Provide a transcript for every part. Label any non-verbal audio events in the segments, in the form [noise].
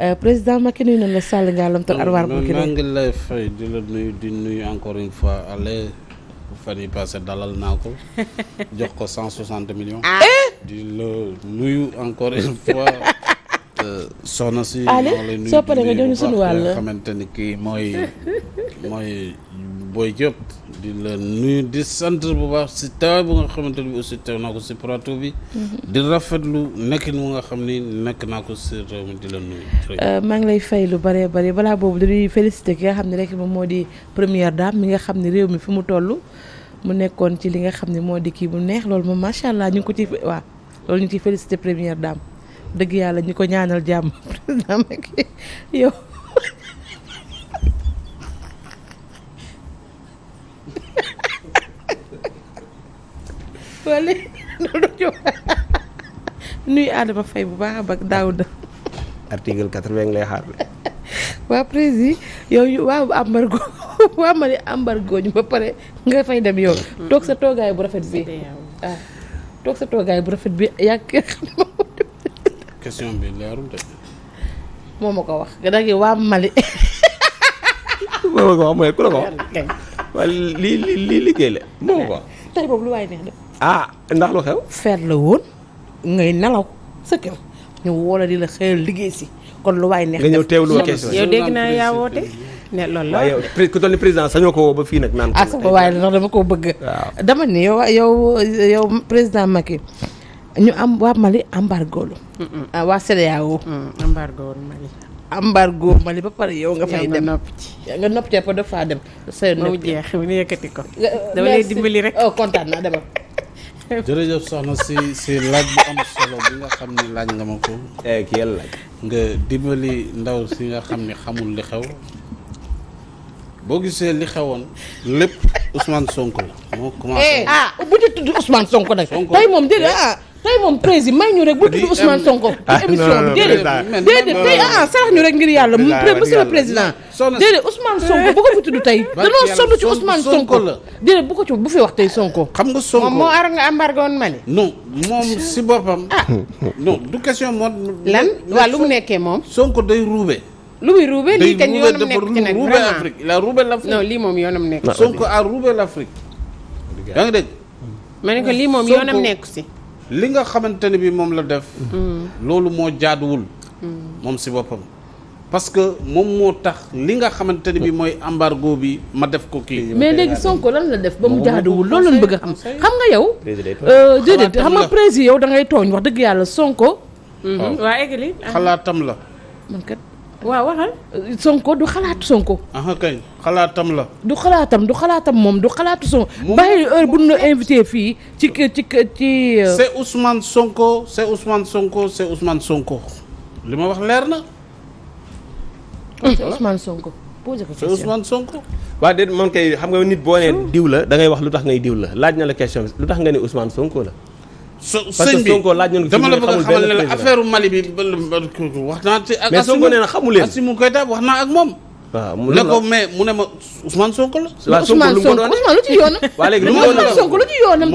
Euh, président Macky nuyu nañ la Sall Ndiallam Tor Arwar Boury. maa ngi lay fay di la nuyu di nuyu encore une fois allez fan yii passé dalal naa ko [laughs] jox ko cent soixante millions. Ah. Eh? di la nuyu encore une fois. [laughs] Euh, soxna si. moo lay nuyu di nuyu nga xamante ni kii mooy Boy Diop di la nuyu di sant bu baax si tawaay bu nga xamante ni bi aussi teew naa ko si plateau bi. Mhm. di lu nekkin mu nga xam ni nekk naa ko si réew mi di la nuyu. Euh, maa ngi lay fay lu bare bëri balaa boobu dañuy félicité ki nga xam ne rek moom moo di première daam mi nga xam ne réew mi fi mu toll mu nekkoon ci li nga xam ne moo di kii mu neex loolu moom macha allah ñu ngi ko ci waaw loolu ñu ngi ciy félicité première dame dëgg yàlla ñu ko ñaanal jàmm [laughs] yow. wala nuyu Adama Faye bu baax a baax daaw na. article quatre vingt lay xaar. waa président yow yu waaw embargo waa ma ne ba pare nga fay dem yow. toog sa toogaay bu rafet bi ah, toog sa toogaay bu rafet bi yàgg question bi ko wax da ngay waa Mali. moo ma ko wax mooy ku la ko wax. waaye lii lii lii liggéey la moom quoi. tey boobu lu waay neex de. ah ndax lu xew. feet la woon ngay nelaw sa kër ñu woo la di la xëyal liggéey si kon lu waay neex. nga ñëw teewlu woon question yow dégg naa yaa woote. ne loolu la waaye yow ku toll ni président sañoo ko woo ba fii nag. naan ko ah sama waaye ndax dama koo bëgg. waaw dama ni yow yow yow président Macky ñu am waa Mali embargo lu. Ah, waa CEDEAO. Mm, embargo Mali. embargo Mali ba pare yow nga fay dem nga nopp ci nga nopp ci après dafa faa dem. say nopp mu jeex mu yëkkati ko. dama lay dimbali rek oh kontaan naa demal. [laughs] jërëjëf soxna si si laaj bu am solo bi nga xam ni laaj nga ma ko. ak yàlla laaj. nga dimbali ndaw si nga xam ni xamul li xew boo gisee li xewoon lépp Ousmane Sonko la. moo commencé eh, ah bu ci tudd Ousmane Sonko nag. Sonko tey moom déedéet ah. tey moom président may ñu rek bu tudd Ousmane Sonko. ah non déedéet déedéet tey ah sarax ñu rek ngir yàlla monsieur le président. déedéet Ousmane Sonko bu ko fi tudd tey. danoo sonn ci Ousmane Sonko déedéet bu ko ci bu fi wax tey Sonko. xam nga Sonko moom moo aar nga embargo woon Mali. non moom si ah. lan waaw lu mu nekkee moom. Sonko day ruube. lu muy ruube lii kañ yoonam nekk ci lii moom yoonam nekk. Sonko a ma ne ko lii moom yoonam nekk si. li nga xamante ne bi moom la def mm. loolu moo jaaduwul mm. moom si boppam parce que moom moo tax li nga xamante ne bi mooy embargo bi ma def ko kii mais léegi Sonko lan la def ba mu jaaduwul loolu lañ bëgg a xam xam nga yow euh, déedéet xam nga président yow da ngay tooñ wax dëgg yàlla Sonko mm-hmm. waa egli xalaatam la waaw waxal Sonko du xalaatu Sonko. ah kay xalaatam la. du xalaatam du xalaatam moom du xalaatu Sonko. bàyyi heure bu na invité fii ci ci ci. Euh, c'est Ousmane Sonko c'est Ousmane Sonko c'est Ousmane Sonko li ma wax leer na. c'est Ousmane Sonko posé ko question c'est Ousmane Sonko. waa déet man kay xam nga nit boo nee diw la da ngay wax lu tax ngay diw la laaj na la question lu tax nga ne Ousmane Sonko la. so sëñ bi dama la bëgg a xamal ne la affaire Mali bi wax naa ci ak. mais Sonko nee wax naa ak moom. Ah, mu ne ko mais mu ne ma Ousmane Sonko la. [laughs] waaw Sonko lu ci doon Sonko lu yoonam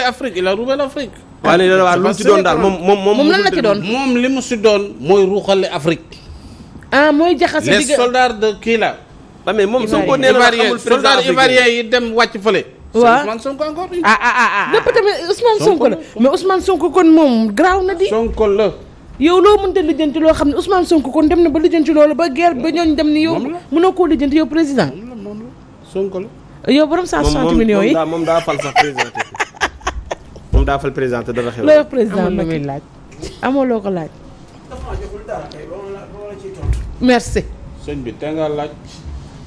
a roubé l'Afrique. waa léegi daal lu mu ci doon daal moom moom moom. moom lan la ci doon moom li mu si doon mooy ruuxale Afrique. ah mooy jaxase les soldats de kii la. waaw ah, mais moom Sonko nee na xamul président ivoirien yi dem wàcc fële waaw Ousmane Sonko encore. ah ah ah lépp ah. tamit Ousmane Sonko la mais Ousmane Sonko kon moom garaaw na di. Sonko la. yow loo mënta lijjanti loo xam ne Ousmane Sonko kon dem na ba lijjanti loolu ba guerre ba ñooñ dem ni yow. mënoo koo lijjanti yow président. moom la Sonko la. yow borom 160 millions yi moom moom daa fal sax président moom daa fal président te dara xew. loolu président la muy laaj. amoo loo ko laaj. merci. sëñ bi te nga laaj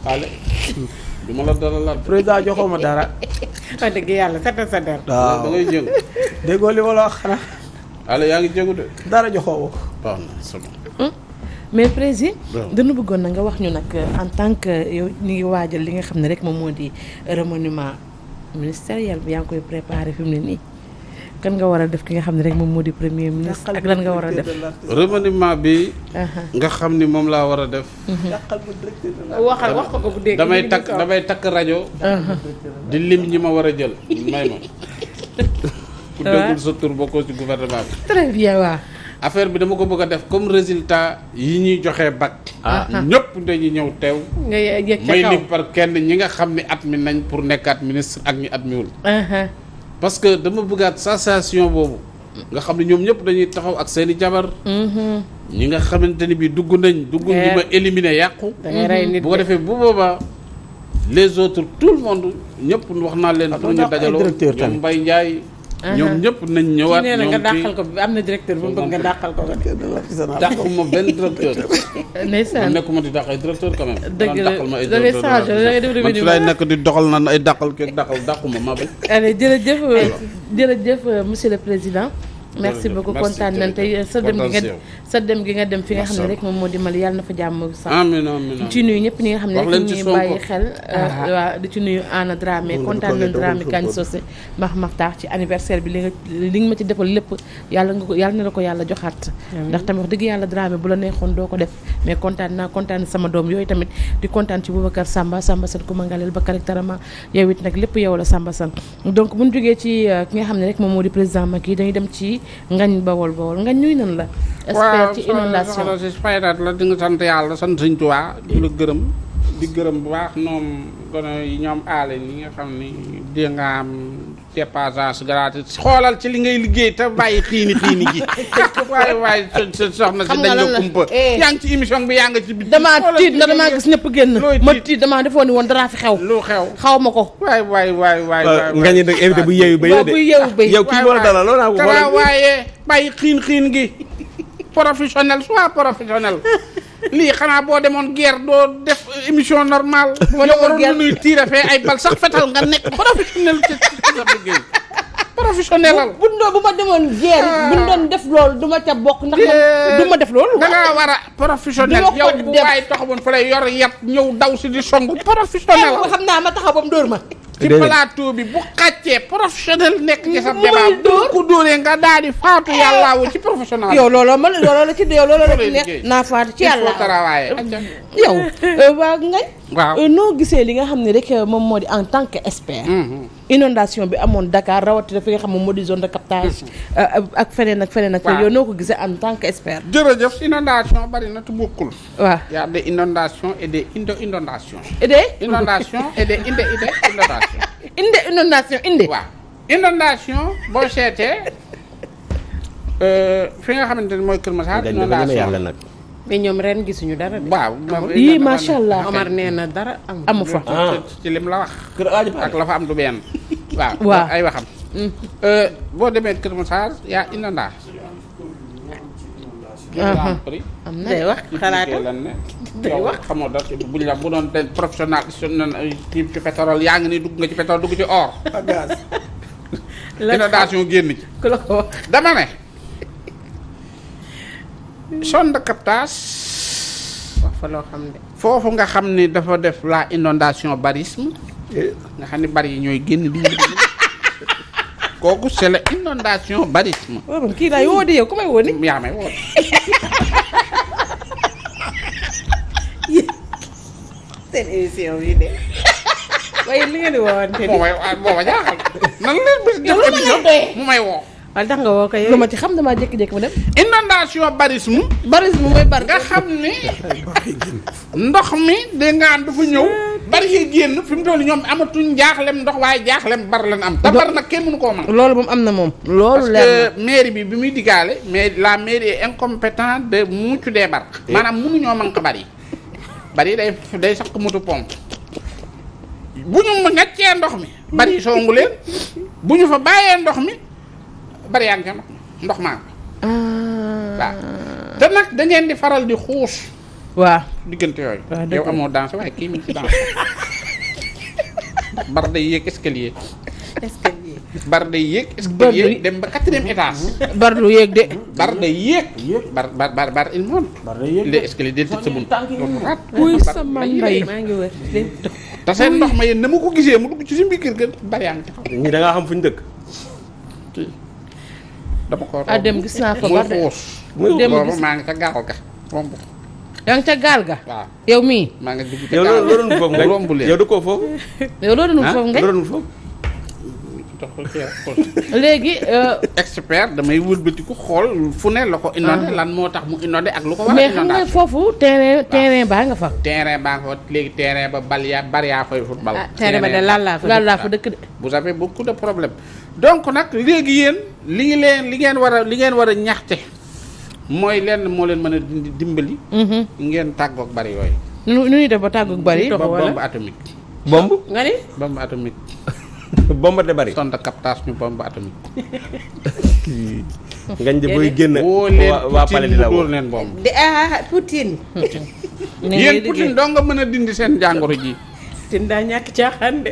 xaale [laughs] du ma la dara laaj président joxoo ma dara. wax dëgg yàlla setal sa der. waaw da ngay déggoo li ma wax xanaa. allo yaa ngi jéngu de. dara joxoo ko. baax na sama. Hmm? mais président dañu bëggoon na nga wax ñu nag euh, en tant que euh, yow ñu ngi waajal li nga xam ne rek moom moo di remaniement ministériel bi yaa ngi koy préparé fi mu ne nii. kan nga war a def ki nga xam ne rek moom moo di premier ministre ak lan nga war a def. remaniement bi. nga xam ni moom laa war a def. Mhm. waxal wax ko damay takk rajo. di lim ñi ma war a jël may ma. ku [laughs] déggul sa affaire bi dama ko bëgg a def comme résultat yi ñuy joxe bac. Ah, ñëpp dañuy ñëw teew. nga may lim kenn ñi nga xam ne admis nañ pour nekkaat ministre ak at admiwul. parce que dama bëggaat sensation boobu nga xam ne ñoom ñëpp dañuy taxaw ak seeni jabar ñi nga xamante ni bi dugg nañ dugg ñi eh. ma éliminé yàqu bu ko defee bu boobaa les autres tout le monde ñëpp wax naa leen pour ñu dajaloo ñoom bay Ndiaye Uh-huh. ñoom ñëpp nañ ñëwaat ñoom nee nga dàqal ko am na directeur bu mu bëgg nga dàqal ko. dàqal ma benn directeur. [laughs] ndeysaan nekkuma di dàq ay directeur quand même. dëgg la dafay changé dafay def revenu man nekk di doxal naan ay dàqal kii dàqal dàquma ma ba. allez jërëjëf euh, jëf euh, monsieur le président. merci beaucoup kontaan nañ tey sa dem gi nga sa dem gi nga dem fi nga xam ne rek moom moo di Mali yàlla na fa jàmm sax amiin amiin ñëpp ñi nga xam ne rek ñuy xel ah, ah. Euh, waaw di ci nuyu Anna Dramé kontaan nañ Dramé ci anniversaire bi li nga li nga ma ci defal lépp yàlla nga ko yàlla na la ko yàlla joxaat ndax tamit wax dëgg yàlla Dramé bu la neexoon doo ko def mais kontaan naa kontaan sama doom yooyu tamit di kontaan ci Boubacar Samba Samba Sane ku ma ngaleel ba caractèrement yow it nag lépp yow la Samba Sane donc buñ jógee ci euh, ki nga xam ne rek moom moo di président Macky dañuy dem ci ngañ bawol bawol ngañ ñuy nan la. expert ci inondation waaw soo la di sant yàlla sant sëñ Tuubaa di la gërëm. di gërëm bu baax ñoom gone yi ñoom aale ñi nga xam ni di nga am. dépassage gratuite xoolal ci li ngay liggéey te bàyyi xiini xiini gi waaye [laughs] waaye soxna si dañ la kumpa eh. yaa ngi ci émission bi yaa ngi ci biir damaa tiit ndax damaa gis ñëpp génn ma tiit damaa defoon ni woon daraa fi xew lu xew xaw ma ko waay waay waay waay nga ñu nag invité bu yeewu a dalal loolu naa waaye bàyyi xiin xiin gi [laughs] professionnel soit professionnel [laughs] lii xanaa boo demoon guerre doo def émission normale wala waroon nuy fee ay bal sax fetal nga nekk professionnel Cheikh Abdou professionnel la bu bu ma demoon guerre bu doon def loolu du ma ca bokk. ndax du ma def loolu. da war a professionnel yow bu waay taxawoon fa lay yor yat ñëw daw si di song eh, naa ma taxaw ba mu dóor ma. ci plateau professionnel nekk ci sa débat bu ko dóoree nga daal di faatu yàllaawu ci professionnel. yow looloo ma looloo la ci yow looloo la ci nekk naa faatu ci yàlla yow. Euh, waa euh, noo gisee li nga xam ne rek euh, moom moo di en tant que expert. Mm-hmm. inondation bi amoon Dakar rawatina fi nga xam ne moo di zone de captage. Euh, ak feneen ak feneen ak. waaw yow noo ko gisee en tant que expert. jërëjëf inondation bari na te bokkul. waaw y a des inondations et des indo inondations. et des. inondations et des inde inde inondations. [laughs] inde inondation inde. waaw inondation boo seetee euh, fi nga xamante ne mooy Kër Masar. inondation ñoom ren gisuñu dara de. waaw yii macha allah Omar nee na dara amu fa. Ah. Ah. ci lim la wax. kër ak la am du benn. waaw [laughs] waaw ay waxam. Mm. Euh, boo demee Kër Massar yaa inandaa. Ah. am na day wax xalaatam [laughs] day wax xamoo dara buñ la bu doon professionnel su ne ci pétrole yaa ngi ni dugg nga ci pétrole dugg ci or. gaz [laughs] inondation génn ci. ku la ko wax dama ne. zone de loo xam foofu nga xam ni dafa def la inondation barisme eh. nga xam ne bari yi ñooy génn di kooku c'est la inondation barisme oh, kii laay woo de yow ku may woo ni yaa may woo seen bi de waaye li nga di woowante di moom may woo wala tax nga woo ko yooyu ma ci xam damaa jékki-jékki ma dem. inondation barisme. barisme mooy bar. nga xam ni ndox mi dégg nga am dafa ñëw. bari yi génn fi mu ñoom amatuñ jaaxlem ndox waaye jaaxlem bar lan am. te bar nag kenn mënu koo man loolu moom am na moom. loolu leer mairie bi bi muy diggaale mais la mairie est incompétente de mucc dee bar. maanaam mënuñoo manqué bari bari day day sakk moto pompe. bu ñu ngàccee ndox mi. bari songu leen bu ñu fa bàyyee ndox mi. bari yaa ngi ndox maa ah. waaw te nag da ngeen di faral di xuus. waaw diggante yooyu. yow amoo danse waaye kii mi ngi ci danse. [laughs] bar day yéeg escalier. escalier bar day yéeg. escalier dem ba quatrième étage. bar de. bar day yéeg. bar bar bar bar il monte. bar day yéeg de escalier sa bunt. kuy ndox ma yéen na ma ko gisee mu dugg ci suñu biir kër ga bari yaa ngi ci xam fu ñu dëkk. dama ko romb ah dem gis naa ko. muy xuus muy xuus maa ngi ca gaal ga romb. yaa ngi ca gaal ga. waaw yow mii. maa ga yow loolu loolu foofu nga. romb leen yow da koo foofu. yow loolu foofu nga. dox léegi. Euh, expert damay wëlbatiku xool fu ne la ko inondé ah. lan moo tax mu inondé ak lu ko war a. mais xam nga foofu terrain terrain baa nga fa. terrain baa nga fa léegi terrain ba bal yaa bari yaa fay football. Ah, terrain ba de lan laa fa lan laa fa ah. dëkk de. vous avez beaucoup de problèmes donc nag léegi yéen li leen li ngeen war a li ngeen war a ñaxte mooy lenn moo leen mën a dimbali. Mhm. ngeen tàggoog bari yooyu. nu nu ñuy def ba tàggoog bari. bombe atomique. bombe nga ni bombe atomique. [laughs] bombarde bari sonta captage ñu bombe atomique. [laughs] ngañ de booy génn. woo leen Poutine mu dóor leen bomb. di ah, ah, ah Poutine. [laughs] yéen Poutine doo nga mën a dindi seen jàngoro ji. Poutine daa ñàkk ca de.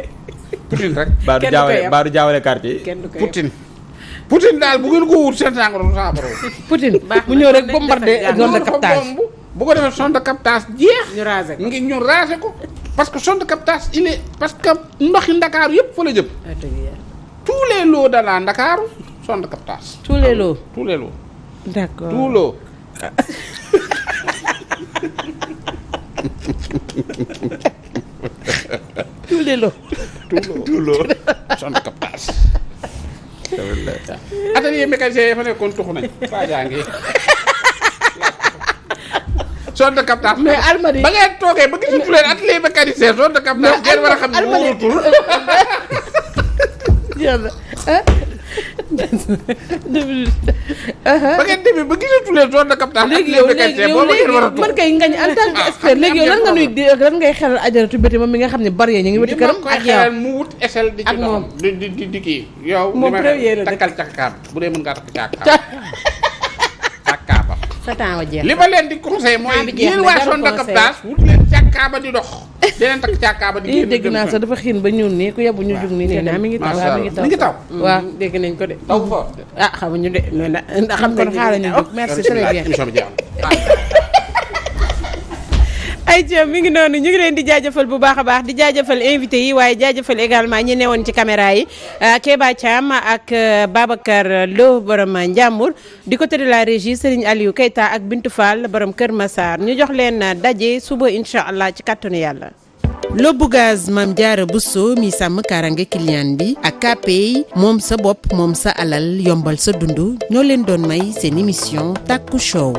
Poutine rek. baadu jaawale baadu jaawale quartier Poutine. Poutine daal bu ngeen ko wut seen jàngoro du saafara. Poutine mu ñëw rek bombardé zone de captage bu ko de captage jeex. ñu raser ngi ñu raser ko. parce que sonde captage il est parce que ndoxi Ndakaaru yëpp fa la jëm. Ah, tous les lots Ndakaaru sonde captage. tous les ah lots tous les sonde captage. atelier mécanicien yi fa nekkoon tuxu nañ. Fadja ngi. zone de captage. mais almadi ba ngeen toogee ba gisul leen atelier mécanicien zone de captage ngeen war a xam ne wóorutul. [laughs] yàlla ah. ba ngeen demee ba gisatu leen zone de captage. atelier mécanicien boobu ngeen war a toog man kay ngañ en tant que ah, expert léegi yow lan nga nuy lan ngay xelal ajaratu béti moom mi nga xam ne bari ñu ngi wetu këram. ak yow mu wut esel di ci doxam di di di kii. yow li ma takkal càkkaam bu dee mën ngaa takk càkkaam. [laughs] sa temps wa jeex li ma leen di conseil mooy yéen waa son dakab taas wut leen càkkaaba di dox [laughs] leen takk càkkaaba di eh, dégg naa sax dafa xiin ba ñuul nii ku yebu ñu jug nii nee naa mi ngi taw waaw mi ngi taw mi ngi taw waaw dégg nañ ko de taw fort ah xamuñu de mais ndax xam nañ xaaral ñu merci bien [laughs] ayca mi ngi noonu ñu ngi leen di jaajëfal bu baax a baax di jaajëfal invité yi waaye jaajëfal également ñi newoon ci caméra yi euh, Kéba Thiam ak euh, Babacar Lo borom Ndiambour du côté de la régi Serigne Aliou Keita ak Bintou Fall borom Kër masaar ñu jox leen daje suba incha allah ci kàttanu yàlla. lobbu gaz Mame Diarra Bousso mi sàmm kaarange client bi ak KPI moom sa bopp moom sa alal yombal sa dund ñoo leen doon may seen émission Taku Show.